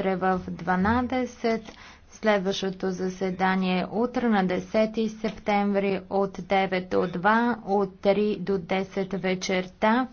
утре в 12. Следващото заседание утре на 10 септември от 9 до 2, от 3 до 10 вечерта.